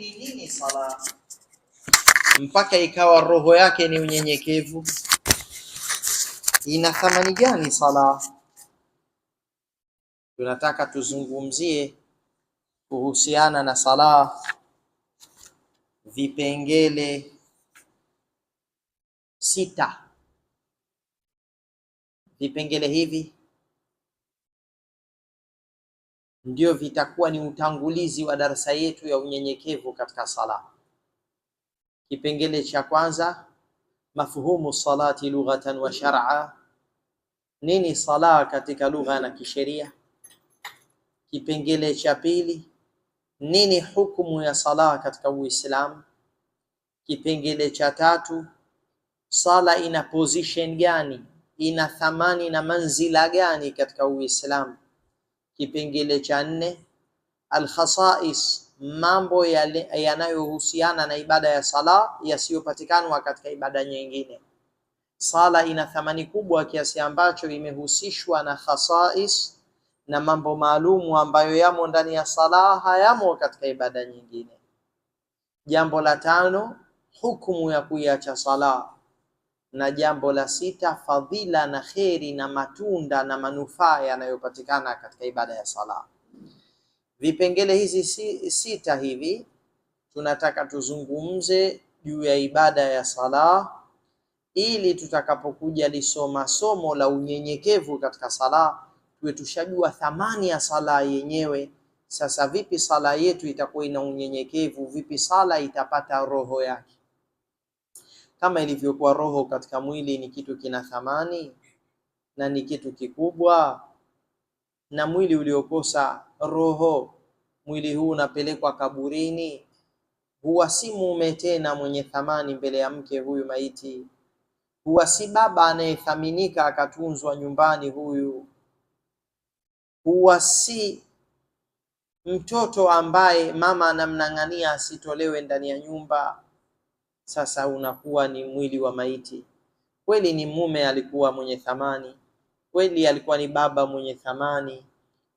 ni nini sala mpaka ikawa roho yake ni unyenyekevu. Ina thamani gani sala? Tunataka tuzungumzie kuhusiana na sala, vipengele sita. Vipengele hivi ndio vitakuwa ni utangulizi wa darasa yetu ya unyenyekevu katika sala. Kipengele cha kwanza, mafhumu salati lughatan wa shar'a, nini sala katika lugha na kisheria. Kipengele cha pili, nini hukumu ya sala katika Uislamu. Kipengele cha tatu, sala ina position gani, ina thamani na manzila gani katika Uislamu. Kipengele cha nne, alkhasais, mambo yanayohusiana na ibada ya sala yasiyopatikanwa katika ibada nyingine. Sala ina thamani kubwa kiasi ambacho imehusishwa na khasais na mambo maalumu ambayo yamo ndani ya sala hayamo katika ibada nyingine. Jambo la tano, hukumu ya kuiacha sala na jambo la sita, fadhila na kheri na matunda na manufaa yanayopatikana katika ibada ya sala. Vipengele hizi sita hivi tunataka tuzungumze juu ya ibada ya sala, ili tutakapokuja lisoma somo la unyenyekevu katika sala tuwe tushajua thamani ya sala yenyewe. Sasa vipi sala yetu itakuwa ina unyenyekevu? Vipi sala itapata roho yake? kama ilivyokuwa roho katika mwili ni kitu kina thamani na ni kitu kikubwa, na mwili uliokosa roho, mwili huu unapelekwa kaburini, huwa si mume tena mwenye thamani mbele ya mke huyu maiti, huwa si baba anayethaminika akatunzwa nyumbani huyu, huwa si mtoto ambaye mama anamnang'ania asitolewe ndani ya nyumba sasa unakuwa ni mwili wa maiti. Kweli ni mume alikuwa mwenye thamani, kweli alikuwa ni baba mwenye thamani,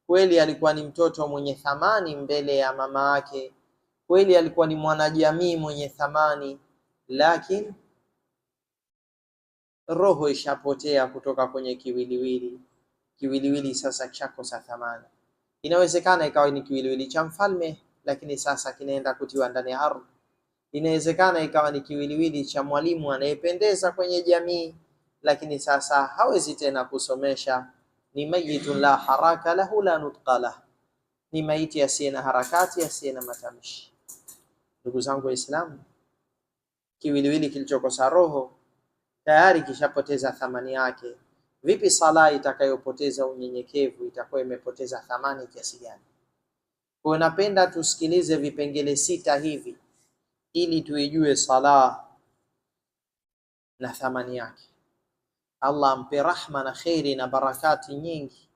kweli alikuwa ni mtoto mwenye thamani mbele ya mama yake, kweli alikuwa ni mwanajamii mwenye thamani, lakini roho ishapotea kutoka kwenye kiwiliwili. Kiwiliwili sasa chakosa thamani. Inawezekana ikawa ni kiwiliwili cha mfalme, lakini sasa kinaenda kutiwa ndani ya ardhi Inawezekana ikawa ni kiwiliwili cha mwalimu anayependeza kwenye jamii, lakini sasa hawezi tena kusomesha. Ni mayitun la haraka lahu la nutqa lah, ni maiti asiye na harakati, asiye na matamshi. Ndugu zangu Waislamu, kiwiliwili kilichokosa roho tayari kishapoteza thamani yake. Vipi sala itakayopoteza unyenyekevu itakuwa imepoteza thamani kiasi gani? Kwa napenda tusikilize vipengele sita hivi ili tuijue sala na thamani yake. Allah ampe rahma na kheri na barakati nyingi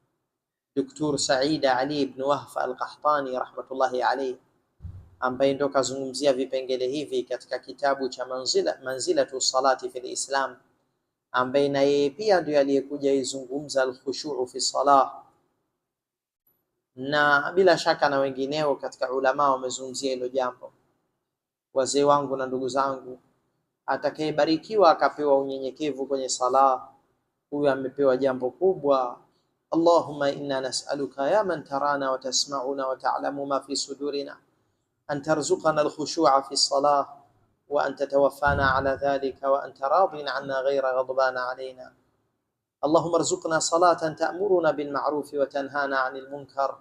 Dr. Saida Ali ibn wahf al-Qahtani rahmatullahi alayhi, ambaye ndo kazungumzia vipengele hivi katika kitabu cha manzila, manzilatu salati fi Islam, ambaye na yeye pia ndio aliyekuja izungumza al fi salah, na bila shaka na wengineo katika ulama wamezungumzia hilo jambo. wazee wangu na ndugu zangu, atakayebarikiwa akapewa unyenyekevu kwenye sala, huyo amepewa jambo kubwa. Allahumma inna nas'aluka ya man tarana wa tasma'una wa ta'lamu ma fi sudurina an tarzuqana al-khushu'a fi salah wa an tatawaffana ala dhalika wa an taradina anna ghayra ghadbana alayna اللهم ارزقنا صلاة تأمرنا بالمعروف وتنهانا عن المنكر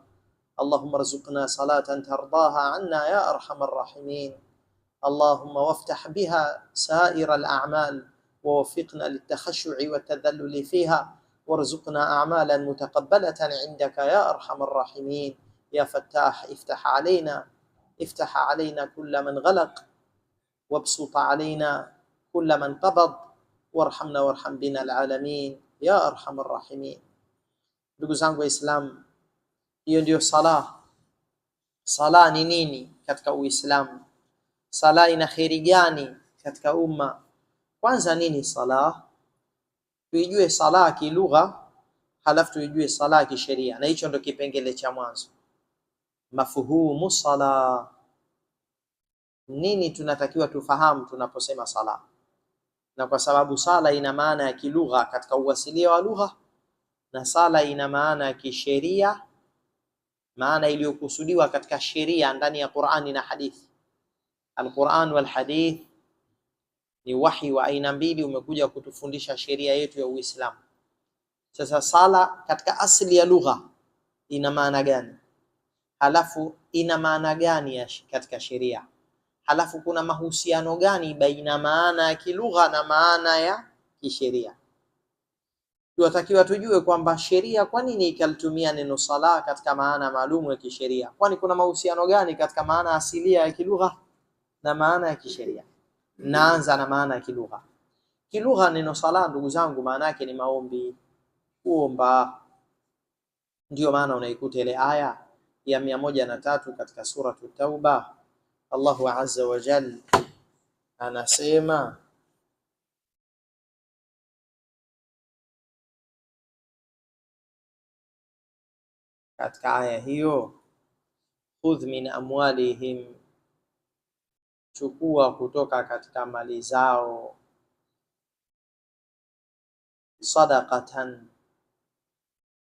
اللهم ارزقنا صلاة ترضاها عنا يا أرحم الراحمين اللهم وافتح بها سائر الأعمال ووفقنا للتخشع والتذلل فيها وارزقنا أعمالا متقبلة عندك يا أرحم الراحمين يا فتاح افتح علينا افتح علينا كل من غلق وابسط علينا كل من قبض وارحمنا وارحم بنا العالمين يا أرحم الراحمين بقزان zangu Waislamu, صلاة صلاة نينيني كتكو إسلام sala ina kheri gani katika umma? Kwanza nini sala? Tuijue sala kilugha, halafu tuijue sala kisheria, na hicho ndo kipengele cha mwanzo. Mafuhumu sala, nini tunatakiwa tufahamu tunaposema sala, na kwa sababu sala ina maana ya kilugha katika uwasilia wa lugha na sala ina maana ya kisheria, maana iliyokusudiwa katika sheria ndani ya Qur'ani na hadithi Alquran wal hadith ni wahi wa aina mbili, umekuja kutufundisha sheria yetu ya Uislamu. Sasa sala katika asli ya lugha ina maana gani, halafu ina maana gani katika sheria, halafu kuna mahusiano gani baina maana ya kilugha na maana ya kisheria? Tunatakiwa tujue kwamba sheria, kwa nini ikalitumia neno sala katika maana maalumu ya kisheria? Kwani kuna mahusiano gani katika maana asilia ya kilugha? na maana ya kisheria. Naanza na maana ya kilugha. Kilugha neno sala, ndugu zangu, maana yake ni maombi, kuomba. Ndiyo maana unaikuta ile aya ya mia moja na tatu katika suratu Tauba, Allahu azza wa jal anasema katika aya hiyo, khudh min amwalihim chukua kutoka katika mali zao sadaqatan,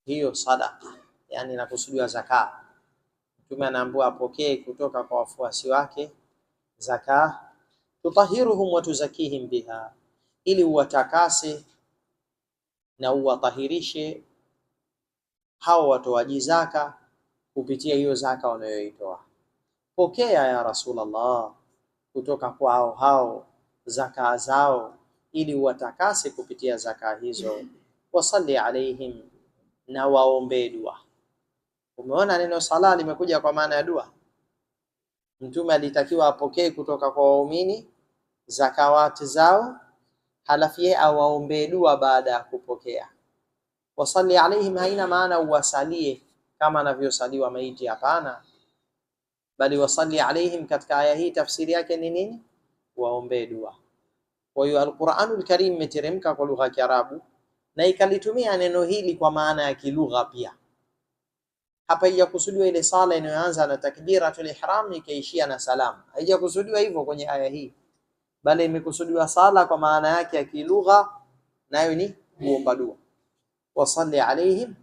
hiyo sadaqa yani nakusudiwa zaka. Mtume anaambiwa apokee kutoka kwa wafuasi wake zaka, tutahiruhum watuzakihim biha, ili uwatakase na uwatahirishe hao watoaji zaka kupitia hiyo zaka wanayoitoa. Pokea ya Rasulullah kutoka kwao hao zakaa zao, ili watakase kupitia zakaa hizo. Wasalli alaihim, na waombee dua. Umeona neno sala limekuja kwa maana ya dua. Mtume alitakiwa apokee kutoka kwa waumini zakawati zao, halafu yeye awaombee dua baada ya kupokea. Wasalli alaihim haina maana uwasalie kama anavyosaliwa maiti, hapana bali wasalli alaihim, katika aya hii tafsiri yake ni nini? Waombee dua. Kwa hiyo Alquranul Karim imeteremka kwa lugha ya Kiarabu na ikalitumia neno hili kwa maana ya kilugha pia. Hapa haijakusudiwa ile sala inayoanza na takbiratul ihram ikaishia na salamu, haijakusudiwa hivyo kwenye aya hii, bali imekusudiwa sala kwa maana yake ya kilugha, nayo ni kuomba dua. Wasalli alaihim,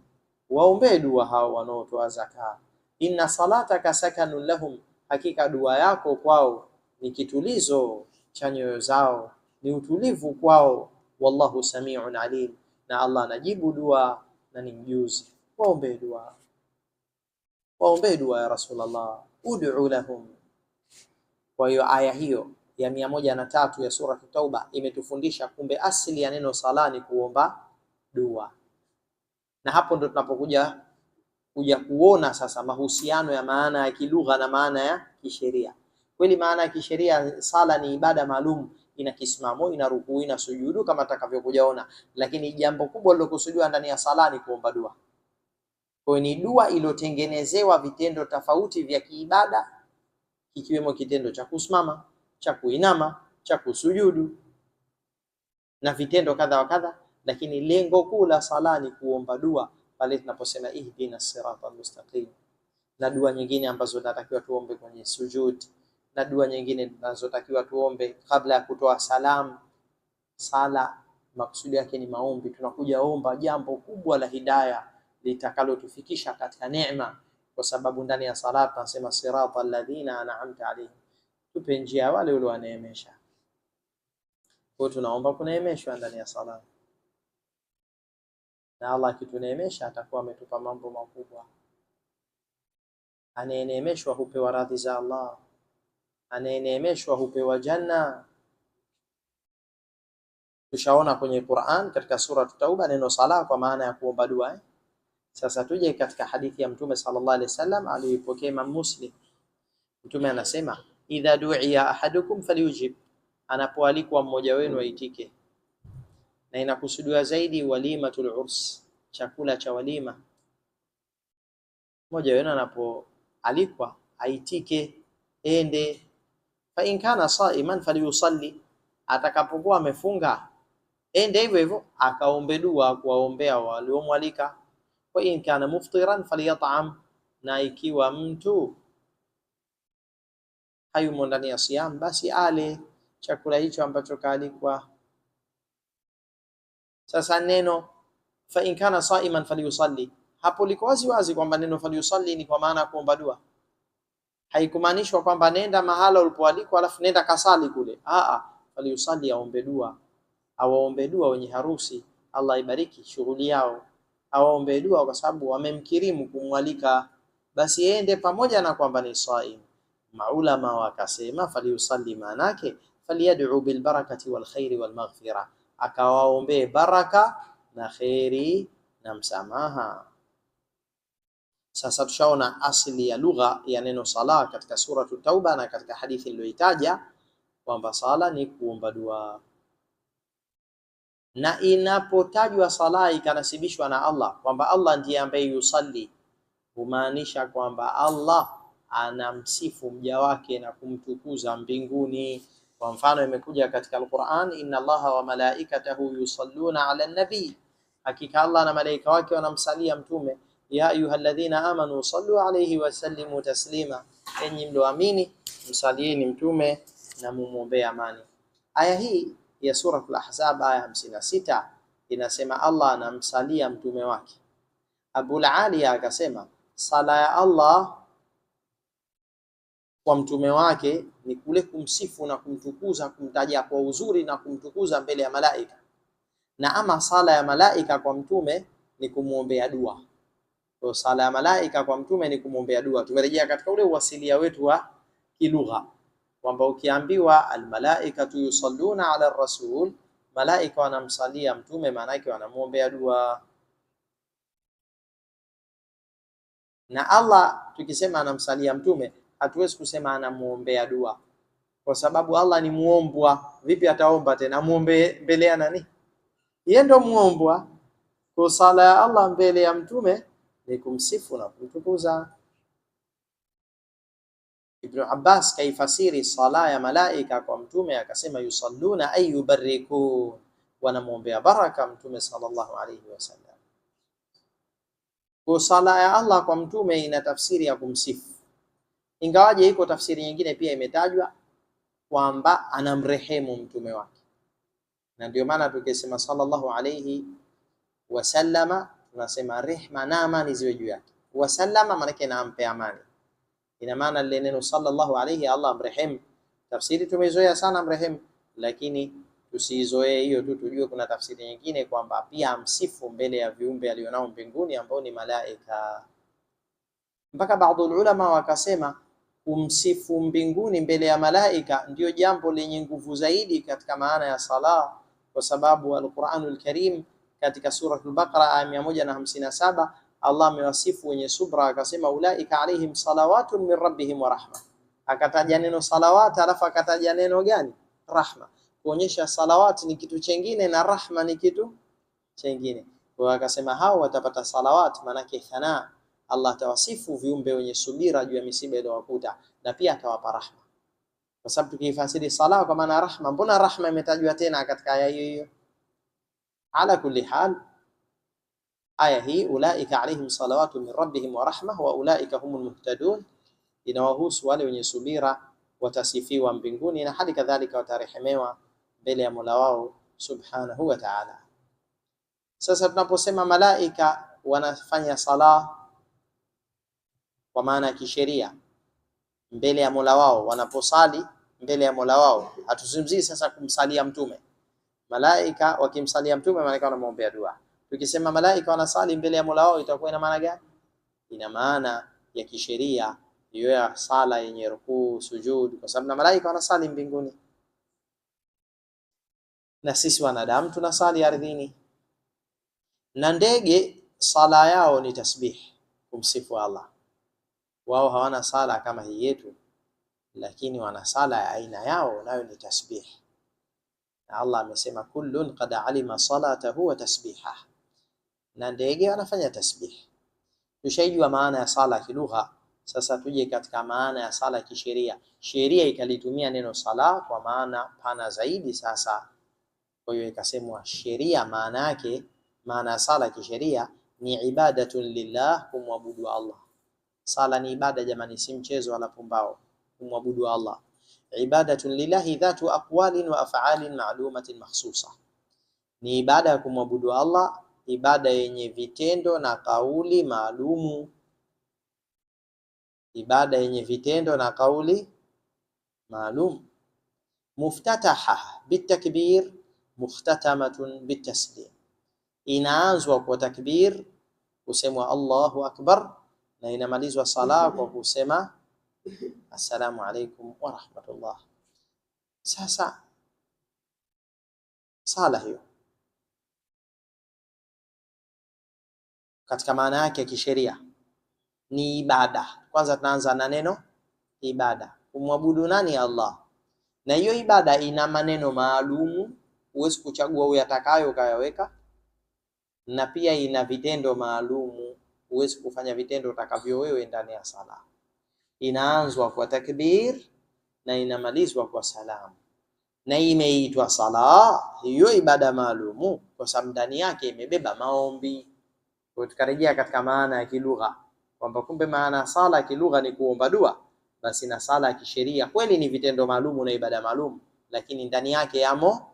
waombee dua hao wanaotoa zakat inna salataka sakanun lahum, hakika dua yako kwao ni kitulizo cha nyoyo zao, ni utulivu kwao. Wallahu samiun alim, na Allah anajibu dua na ni mjuzi. waombe dua, waombee dua ya Rasulullah, ud'u lahum. Kwa hiyo aya hiyo ya mia moja na tatu ya sura Tauba imetufundisha kumbe asili ya neno sala ni kuomba dua, na hapo ndo tunapokuja kuja kuona sasa mahusiano ya maana ya kilugha na maana ya kisheria. Kweli maana ya kisheria, sala ni ibada maalum, ina kisimamo, ina rukuu, ina sujudu kama atakavyokujaona, lakini jambo kubwa lilokusudiwa ndani ya sala ni kuomba dua. Kwa ni dua iliyotengenezewa vitendo tofauti vya kiibada, ikiwemo kitendo cha kusimama, cha kuinama, cha kusujudu na vitendo kadha wa kadha, lakini lengo kuu la sala ni kuomba dua pale tunaposema ihdina sirata mustaqim, na dua nyingine ambazo tunatakiwa tuombe kwenye sujud, na dua nyingine tunazotakiwa tuombe kabla ya kutoa salam Sala maksudi yake ni maombi, tunakuja omba jambo kubwa la hidaya litakalotufikisha katika neema, kwa sababu ndani ya sala tunasema sirata alladhina an'amta alayhim, tupe njia wale uliowaneemesha. Kwa hiyo tunaomba kuneemeshwa ndani ya sala na Allah akituneemesha atakuwa ametupa mambo makubwa. Anayeneemeshwa hupewa radhi za Allah, anayeneemeshwa hupewa janna. Tushaona kwenye Qur'an katika sura Tauba neno sala kwa maana ya kuomba dua eh? Sasa tuje katika hadithi ya Mtume sallallahu alaihi wasallam aliyopokea Imam Muslim. Mtume anasema idha du'iya ahadukum falyujib, anapoalikwa mmoja wenu aitike na inakusudiwa zaidi walimatul urs, chakula cha walima. Mmoja wenu anapoalikwa aitike, ende. Fa in kana saiman falyusalli, atakapokuwa amefunga ende hivyo hivyo akaombe dua kuwaombea waliomwalika. Wa in kana muftiran falyatam, na ikiwa mtu hayumo ndani ya siam, basi ale chakula hicho ambacho kaalikwa. Sasa neno fa in kana saiman falyusalli, hapo liko wazi wazi kwamba neno falyusalli ni kwa maana ya kuomba dua, haikumaanishwa kwamba nenda mahala ulipoalikwa alafu nenda kasali kule. Aa, falyusalli, aombe dua, awaombe dua wenye harusi, Allah ibariki shughuli yao, awaombe dua kwa sababu wamemkirimu kumwalika, basi ende pamoja na kwamba ni saim. Maulama wakasema falyusalli, maanake falyad'u bilbarakati walkhairi walmaghfira akawaombee baraka na kheri na msamaha. Sasa tushaona asili ya lugha ya neno sala katika suratu Tauba na katika hadithi iliyoitaja kwamba sala ni kuomba dua, na inapotajwa sala ikanasibishwa na Allah kwamba Allah ndiye ambaye yusalli, humaanisha kwamba Allah anamsifu mja wake na kumtukuza mbinguni. Kwa mfano imekuja katika Al-Qur'an, inna Allaha wa malaikatahu yusalluna ala nabii, hakika Allah na malaika wake wanamsalia mtume. Ya ayuha ayyuhalladhina amanu sallu alayhi wa sallimu taslima, enyi mlioamini msalieni mtume na mumwombee amani. Aya hii ya sura Al-Ahzab aya 56 inasema Allah anamsalia mtume wake. Abul Aliya akasema sala ya Allah kwa mtume wake ni kule kumsifu na kumtukuza, kumtaja kwa uzuri na kumtukuza mbele ya malaika, na ama sala ya malaika kwa mtume ni kumwombea dua. Kwa sala ya malaika kwa mtume ni kumwombea dua. Tumerejea katika ule uwasilia wetu wa kilugha kwamba ukiambiwa almalaikatu yusalluna ala rasul, malaika wanamsalia mtume, maana yake wanamwombea dua. Na Allah tukisema anamsalia mtume hatuwezi kusema anamuombea dua, kwa sababu Allah ni muombwa. Vipi ataomba tena? Muombe mbele ya nani? Yeye ndo muombwa. Kwa sala ya Allah mbele ya mtume ni kumsifu na kumtukuza. Ibnu Abbas kaifasiri sala ya malaika kwa mtume akasema, yusalluna ay yubarikun, wanamwombea baraka mtume sallallahu alayhi wasallam. Kwa sala ya Allah kwa mtume ina tafsiri ya kumsifu ingawaje iko tafsiri nyingine pia imetajwa kwamba anamrehemu mtume wake, na ndio maana tukisema sallallahu alayhi wasallama tunasema rehma na amani ziwe juu yake. Wasallama maana yake nampe amani, ina maana lile neno sallallahu alayhi, Allah amrehemu. Tafsiri tumezoea sana amrehemu, lakini tusiizoee hiyo tu, tujue kuna tafsiri nyingine kwamba pia amsifu mbele ya viumbe alionao mbinguni ambao ni malaika. Mpaka baadhi ulama wakasema kumsifu mbinguni mbele ya malaika ndiyo jambo lenye nguvu zaidi katika maana ya sala, kwa sababu Alquranul Karim katika suratul Baqara aya mia moja na hamsini na saba Allah amewasifu wenye subra akasema, ulaika alaihim salawatun min rabbihim wa rahma. Akataja neno salawat, alafu akataja neno gani? Rahma, kuonyesha salawat ni kitu chengine na rahma ni kitu chengine. Kwa akasema hao watapata salawat, maanake thanaa Allah atawasifu viumbe wenye subira juu ya misiba iliyowakuta na pia atawapa rahma, kwa sababu tukifasiri sala kwa maana rahma, mbona rahma imetajwa tena katika aya hiyo hiyo? Ala kulli hal, aya hii ulaika alaihim salawatu min rabbihim wa rahma wa ulaika humul muhtadun inawahusu wale wenye subira, watasifiwa mbinguni na hali kadhalika watarehemewa mbele ya Mola wao subhanahu wa ta'ala. Sasa tunaposema malaika wanafanya sala kwa maana ya kisheria mbele ya Mola wao wanaposali mbele ya Mola wao. Hatuzungumzii sasa kumsalia mtume. Malaika wakimsalia mtume, malaika wanamwombea dua. Tukisema malaika wanasali mbele ya Mola wao itakuwa ina maana gani? Ina maana ya kisheria hiyo ya sala yenye rukuu, sujud, kwa sababu na malaika wanasali mbinguni na sisi wanadamu tunasali ardhini. Na ndege sala yao ni tasbih, kumsifu Allah wao hawana sala kama hii yetu, lakini wana sala ya aina yao, nayo ni tasbih. Na Allah amesema kullun qad alima salatahu wa tasbihah, na ndege wanafanya tasbih. Tushaijua maana ya sala kilugha, sasa tuje katika maana ya sala kisheria. Sheria ikalitumia neno sala kwa maana pana zaidi. Sasa kwa hiyo ikasemwa sheria, maana yake maana ya sala kisheria ni ibadatun lillah, kumwabudu Allah Sala ni ibada jamani, si mchezo wala pumbao. Kumwabudu Allah ibadatun lillahi dhatu aqwalin wa af'alin ma'lumatin mahsusa, ni ibada ya kumwabudu Allah, ibada yenye vitendo na kauli maalumu, ibada yenye vitendo na kauli maalum. Muftataha bitakbir muftatamatun bitaslim, inaanzwa kwa takbir, kusemwa Allahu akbar na inamalizwa sala kwa kusema assalamu alaikum wa rahmatullah. Sasa sala hiyo katika maana yake ya kisheria ni ibada. Kwanza tunaanza na neno ibada, kumwabudu nani? Allah. Na hiyo ibada ina maneno maalumu, huwezi kuchagua uyatakayo ukayaweka, na pia ina vitendo maalumu huwezi kufanya vitendo utakavyo wewe ndani ya sala. Inaanzwa kwa takbir na inamalizwa kwa salamu, na imeitwa sala hiyo ibada maalumu kwa sababu ndani yake imebeba maombi. Kwa tukarejea katika maana ya kilugha kwamba kumbe maana ya sala ya kilugha ni kuomba dua, basi na sala ya kisheria kweli ni vitendo maalumu na ibada maalumu, lakini ndani yake yamo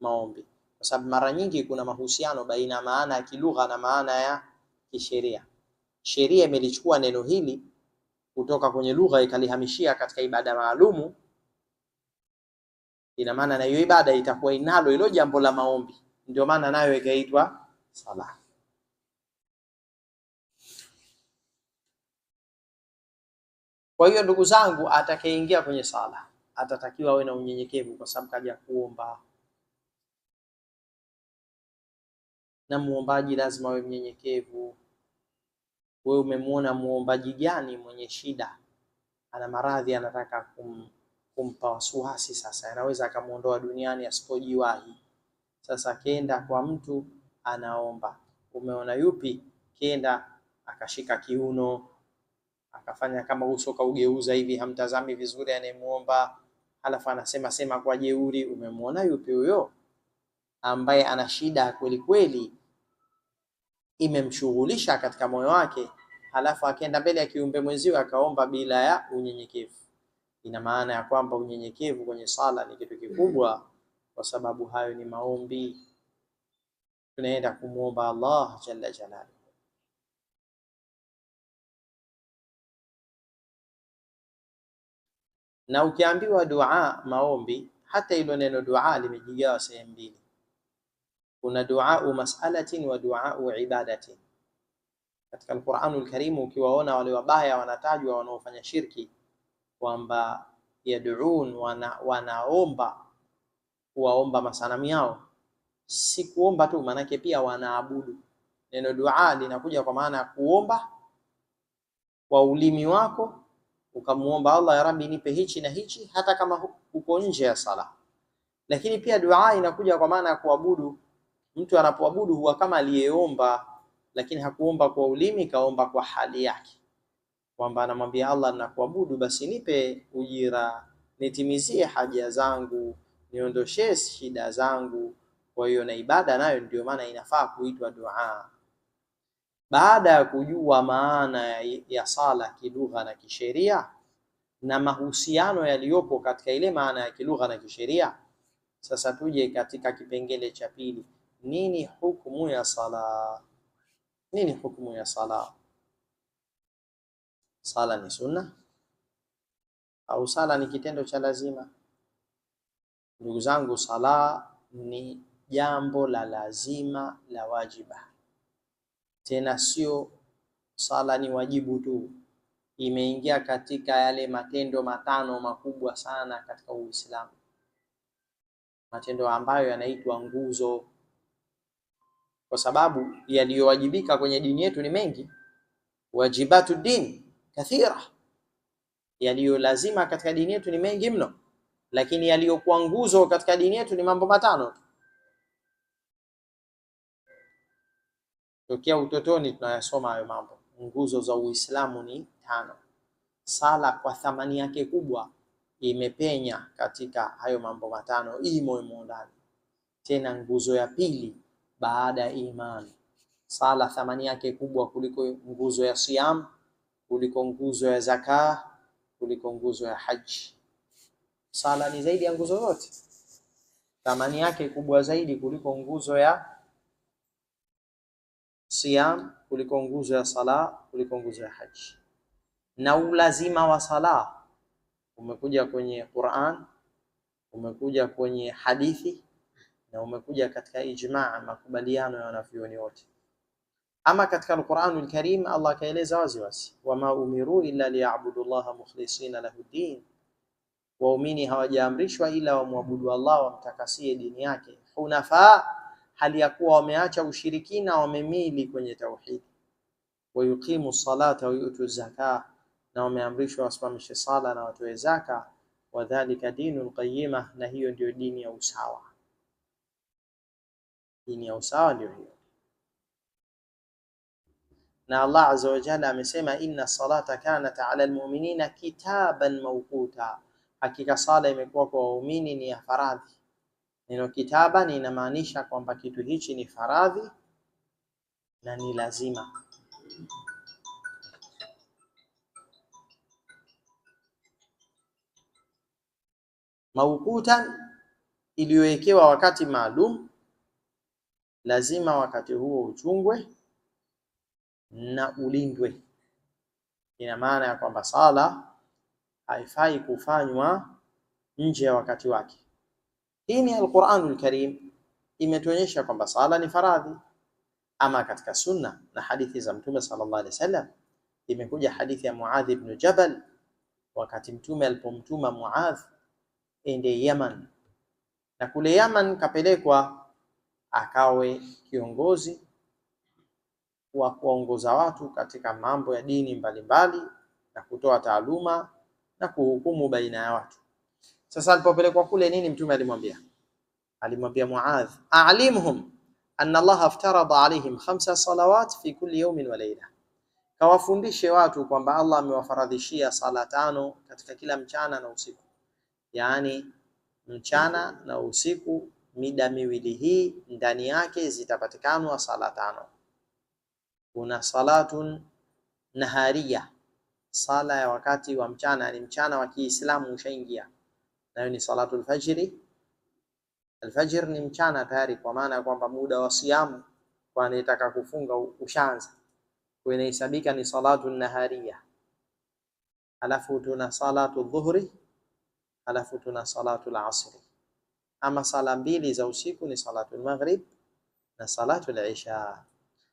maombi, kwa sababu mara nyingi kuna mahusiano baina ya maana ya kilugha na maana ya kisheria sheria imelichukua neno hili kutoka kwenye lugha ikalihamishia katika ibada maalumu, ina maana na hiyo ibada itakuwa inalo ilo jambo la maombi, ndio maana nayo ikaitwa sala. Kwa hiyo ndugu zangu, atakayeingia kwenye sala atatakiwa awe na unyenyekevu, kwa sababu kaja kuomba, na muombaji lazima awe mnyenyekevu. Wewe umemwona muombaji gani mwenye shida, ana maradhi, anataka kum, kumpa wasiwasi sasa, anaweza akamuondoa duniani asipojiwahi. Sasa kenda kwa mtu anaomba, umeona yupi? Kenda akashika kiuno, akafanya kama uso kaugeuza hivi, hamtazami vizuri anayemuomba, halafu anasema sema kwa jeuri. Umemwona yupi huyo ambaye ana shida kweli kweli? imemshughulisha katika moyo wake, halafu akaenda mbele ya kiumbe mwenziwe akaomba bila ya unyenyekevu. Ina maana ya kwamba unyenyekevu kwenye sala ni kitu kikubwa, kwa sababu hayo ni maombi, tunaenda kumwomba Allah jalla jalaluhu. Na ukiambiwa dua, maombi, hata hilo neno dua limejigawa sehemu mbili kuna duau masalatin wa duau ibadatin. Katika Alquranu Alkarimu, ukiwaona wale wabaya wanatajwa wanaofanya shirki kwamba yaduun, wana, wanaomba kuwaomba masanamu yao, si kuomba tu, maanake pia wanaabudu. Neno dua linakuja kwa maana ya kuomba kwa ulimi wako ukamuomba Allah, ya Rabbi nipe hichi na hichi, hata kama uko nje ya sala. Lakini pia dua inakuja kwa maana ya kuabudu Mtu anapoabudu huwa kama aliyeomba, lakini hakuomba kwa ulimi, kaomba kwa hali yake, kwamba anamwambia Allah, ninakuabudu, basi nipe ujira, nitimizie haja zangu, niondoshee shida zangu. Kwa hiyo na ibada nayo ndio maana inafaa kuitwa dua. Baada ya kujua maana ya sala kilugha na kisheria na mahusiano yaliyopo katika ile maana ya kilugha na kisheria, sasa tuje katika kipengele cha pili nini hukumu ya sala? Nini hukumu ya sala? Sala ni sunna au sala ni kitendo cha lazima? Ndugu zangu, sala ni jambo la lazima la wajiba, tena sio sala ni wajibu tu, imeingia katika yale matendo matano makubwa sana katika Uislamu, matendo ambayo yanaitwa nguzo kwa sababu yaliyowajibika kwenye dini yetu ni mengi, wajibatu din kathira, yaliyolazima katika dini yetu ni mengi mno, lakini yaliyokuwa nguzo katika dini yetu ni mambo matano tu. Tokea utotoni tunayasoma hayo mambo. Nguzo za Uislamu ni tano. Sala kwa thamani yake kubwa imepenya katika hayo mambo matano, imo imo ndani. Tena nguzo ya pili baada ya imani. Sala thamani yake kubwa kuliko nguzo ya siam, kuliko nguzo ya zaka, kuliko nguzo ya haji. Sala ni zaidi ya nguzo zote thamani yake kubwa zaidi kuliko nguzo ya siam, kuliko nguzo ya sala, kuliko nguzo ya haji. Na ulazima wa sala umekuja kwenye Qur'an, umekuja kwenye hadithi na umekuja katika ijmaa, makubaliano ya wanavyuoni wote. Ama katika Al-Qur'anul Allah akaeleza waziwazi wama umiru illa liyabudu llaha mukhlisina lahu din, waumini hawajaamrishwa ila wamwabudu Allah wamtakasie dini yake, hunafaa, hali ya kuwa wameacha ushirikina, wamemili kwenye tauhidi. Wayuqimu salata wayutu zaka, na wameamrishwa wasimamishe sala na watoe zaka. Wadhalika dinu qayyima, na hiyo ndio dini ya usawa dini ya usawa ndio hiyo. Na Allah azza wa jalla amesema, inna salata kanat ala almu'minina kitaban mawquta, hakika sala imekuwa kwa waumini ni ya faradhi. Neno kitaban inamaanisha kwamba kitu hichi ni faradhi na ni lazima. Mawqutan, iliyowekewa wakati maalum lazima wakati huo uchungwe na ulindwe. Ina maana ya kwamba sala haifai kufanywa nje ya wakati wake. Hii ni Alquranul Karim imetuonyesha kwamba sala ni faradhi. Ama katika sunna na hadithi za Mtume sallallahu alaihi wasallam imekuja hadithi ya Muadh ibn Jabal, wakati Mtume alipomtuma Muadh ende Yaman, na kule Yaman kapelekwa akawe kiongozi wa kuwaongoza watu katika mambo ya dini mbalimbali mbali, na kutoa taaluma na kuhukumu baina ya watu. Sasa alipopelekwa kule, nini mtume alimwambia? Alimwambia Muadh, alimhum anna Allah aftarada alaihim khamsa salawat fi kulli yawmin wa layla, kawafundishe watu kwamba Allah amewafaradhishia sala tano katika kila mchana na usiku, yani mchana na usiku mida miwili hii ndani yake zitapatikanwa sala tano. Kuna salatun nahariya, sala ya wakati wa mchana, ni mchana wa Kiislamu ushaingia, nayo ni salatul fajri. Alfajr ni mchana tayari, kwa maana ya kwamba muda wa siamu kwa anayetaka kufunga ushaanza, kwa inahesabika ni salatu nahariya. Alafu tuna salatu dhuhri, alafu tuna salatu al-asri ama sala mbili za usiku ni salatul maghrib na salatul isha.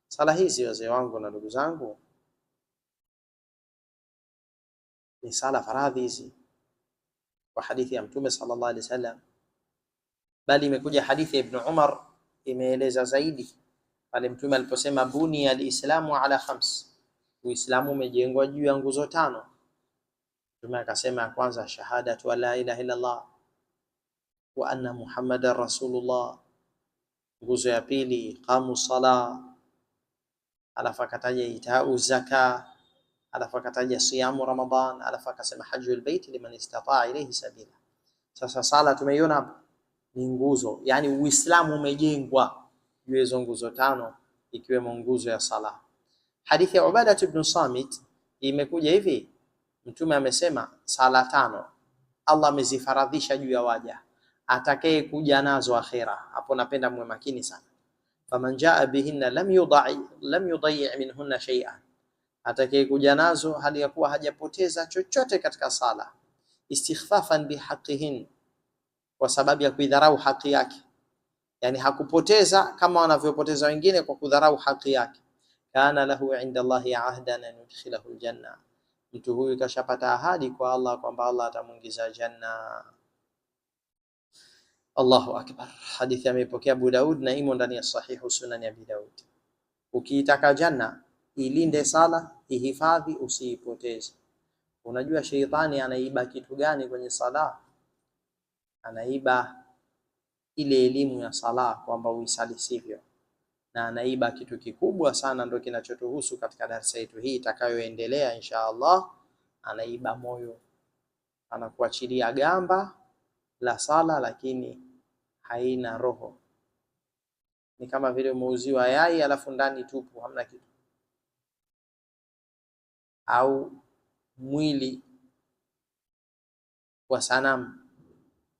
Sala hizi wazee wangu na ndugu zangu ni sala faradhi hizi kwa hadithi ya Mtume sallallahu alaihi wasallam, bali imekuja hadithi ya Ibn Umar imeeleza zaidi pale Mtume aliposema buni alislamu ala khams, Uislamu umejengwa juu ya nguzo tano. Mtume akasema ya kwanza shahadatu la ilaha illa Allah wa anna muhammadan rasulullah. Nguzo ya pili qamu sala, alafu akataja itau zaka, alafu akataja siyamu Ramadan, alafu akasema hajjul baiti liman istataa ilayhi sabila. Sasa sala tumeiona ni nguzo, yani Uislamu umejengwa juu hizo nguzo tano, ikiwemo nguzo ya sala. Hadithi ya Ubada ibn Samit imekuja hivi, Mtume amesema sala tano Allah amezifaradhisha juu ya waja atakaye kuja nazo akhera. Hapo napenda mwe makini sana. faman jaa bihinna lam yudai lam yudai minhunna shay'an, atakaye kuja nazo hali ya kuwa hajapoteza chochote katika sala, istikhfafan bihaqihin, kwa sababu ya kuidharau haki yake, yani hakupoteza kama wanavyopoteza wengine kwa kudharau haki yake. kana lahu inda Allahi ahdan an yudkhilahu aljanna, mtu huyu kashapata ahadi kwa Allah kwamba Allah atamuingiza janna. Allahu akbar. Hadithi ameipokea Abu Daud na imo ndani ya sahihu ya Abi Daud. Ukiitaka janna ilinde sala, ihifadhi, usiipoteze. Unajua sheitani anaiba kitu gani kwenye sala? Anaiba ile elimu ya sala kwamba uisali sivyo, na anaiba kitu kikubwa sana, ndo kinachotuhusu katika darsa yetu hii itakayoendelea insha Allah. Anaiba moyo, anakuachilia gamba la sala lakini haina roho. Ni kama vile umeuziwa yai alafu ndani tupu, hamna kitu, au mwili wa sanamu.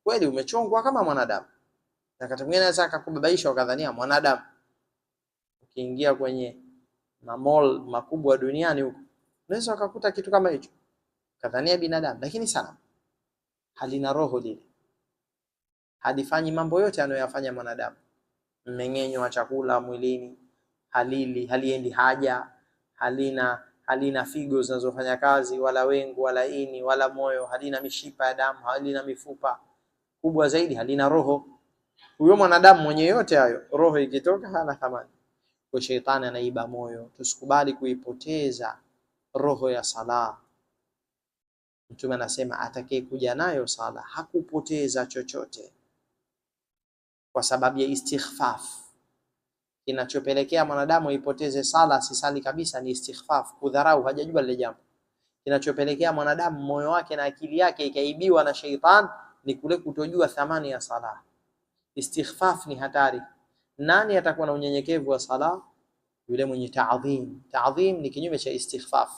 Kweli umechongwa kama mwanadamu, na wakati mwingine anaweza akakubabaisha ukadhania mwanadamu. Ukiingia kwenye mamol makubwa duniani huko, unaweza ukakuta kitu kama hicho, kadhania binadamu, lakini sanamu halina roho lile halifanyi mambo yote anayoyafanya mwanadamu, mmeng'enyo wa chakula mwilini, halili, haliendi haja, halina halina figo zinazofanya kazi, wala wengu, wala ini, wala moyo, halina mishipa ya damu, halina mifupa kubwa zaidi, halina roho. Huyo mwanadamu mwenye yote hayo, roho ikitoka hana thamani. Kwa shetani anaiba moyo, tusikubali kuipoteza roho ya sala. Mtume anasema atakaye kuja nayo sala hakupoteza chochote kwa sababu ya istighfaf. Kinachopelekea mwanadamu ipoteze sala asisali kabisa ni istighfaf, kudharau, hajajua lile jambo. Kinachopelekea mwanadamu moyo wake na akili yake ikaibiwa na sheitan ni kule kutojua thamani ya sala. Istighfaf ni hatari. Nani atakuwa na unyenyekevu wa sala? Yule mwenye taadhim. Taadhim ni kinyume cha istighfaf.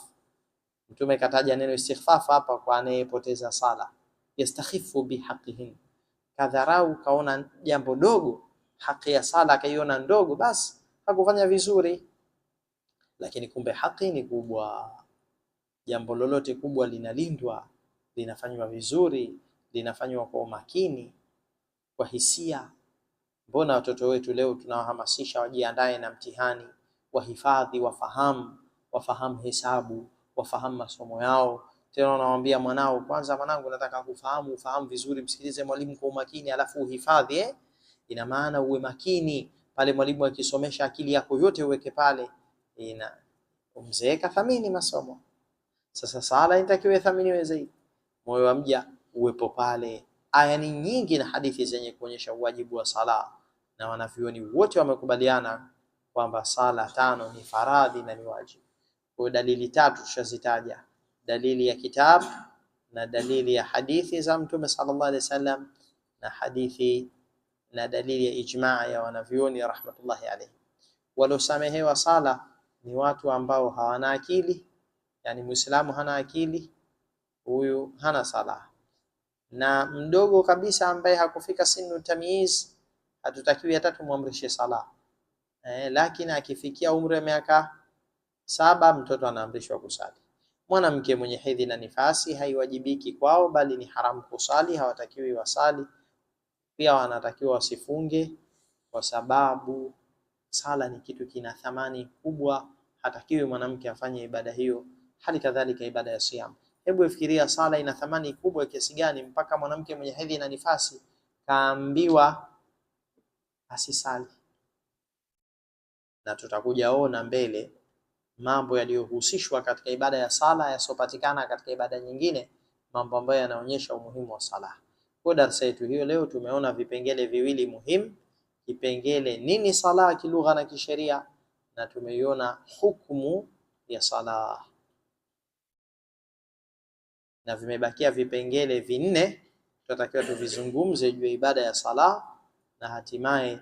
Mtume kataja neno istighfaf hapa kwa anayepoteza sala, yastakhifu bihaqihin kadharau kaona jambo dogo, haki ya sala akaiona ndogo, basi hakufanya vizuri. Lakini kumbe haki ni kubwa. Jambo lolote kubwa linalindwa, linafanywa vizuri, linafanywa kwa umakini, kwa hisia. Mbona watoto wetu leo tunawahamasisha wajiandae na mtihani, wahifadhi, wafahamu, wafahamu hesabu, wafahamu masomo yao tena unamwambia mwanao, kwanza mwanangu, nataka kufahamu, ufahamu vizuri, msikilize mwalimu kwa umakini, alafu uhifadhi eh? Ina maana uwe makini pale mwalimu akisomesha, akili yako yote uweke pale. Ina mzee kathamini masomo. Sasa sala inatakiwa ithaminiwe zaidi, moyo wa mja uwepo pale. Aya ni nyingi na hadithi zenye kuonyesha uwajibu wa sala, na wanavyuoni wote wamekubaliana kwamba sala tano ni faradhi na ni wajibu. Kwa dalili tatu tushazitaja dalili ya kitabu na dalili ya hadithi za Mtume sallallahu alaihi wasallam na hadithi na dalili ya ijmaa ya wanavyuoni rahmatullahi alaihi. Waliosamehewa sala ni watu ambao hawana akili, yani muislamu hana akili, huyu hana sala. Na mdogo kabisa ambaye hakufika sinu tamyiz, hatutakiwi hata tumwamrishe sala eh, lakini akifikia umri wa miaka saba mtoto anaamrishwa kusali. Mwanamke mwenye hedhi na nifasi haiwajibiki kwao, bali ni haramu kusali, hawatakiwi wasali. Pia wanatakiwa wasifunge, kwa sababu sala ni kitu kina thamani kubwa, hatakiwi mwanamke afanye ibada hiyo. Hali kadhalika ibada ya siam. Hebu fikiria, sala ina thamani kubwa kiasi gani, mpaka mwanamke mwenye hedhi na nifasi kaambiwa asisali, na tutakuja ona mbele mambo yaliyohusishwa katika ibada ya sala yasiopatikana katika ibada nyingine, mambo ambayo yanaonyesha umuhimu wa sala. Kwa darsa yetu hiyo leo tumeona vipengele viwili muhimu, kipengele nini sala kilugha na kisheria, na tumeiona hukumu ya sala, na vimebakia vipengele vinne tunatakiwa tuvizungumze juu ya ibada ya sala, na hatimaye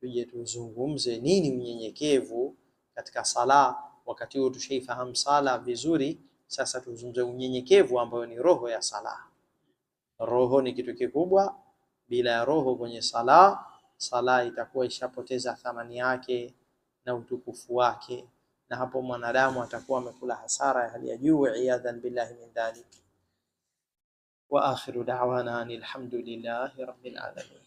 tuje tuzungumze nini unyenyekevu katika sala Wakati huo tushaifahamu sala vizuri. Sasa tuzungumze unyenyekevu, ambayo ni roho ya sala. Roho ni kitu kikubwa, bila ya roho kwenye sala, sala itakuwa ishapoteza thamani yake na utukufu wake, na hapo mwanadamu atakuwa amekula hasara ya hali ya juu, iyadhan billahi min dhalik. Wa akhiru da'wana alhamdulillahi rabbil alamin.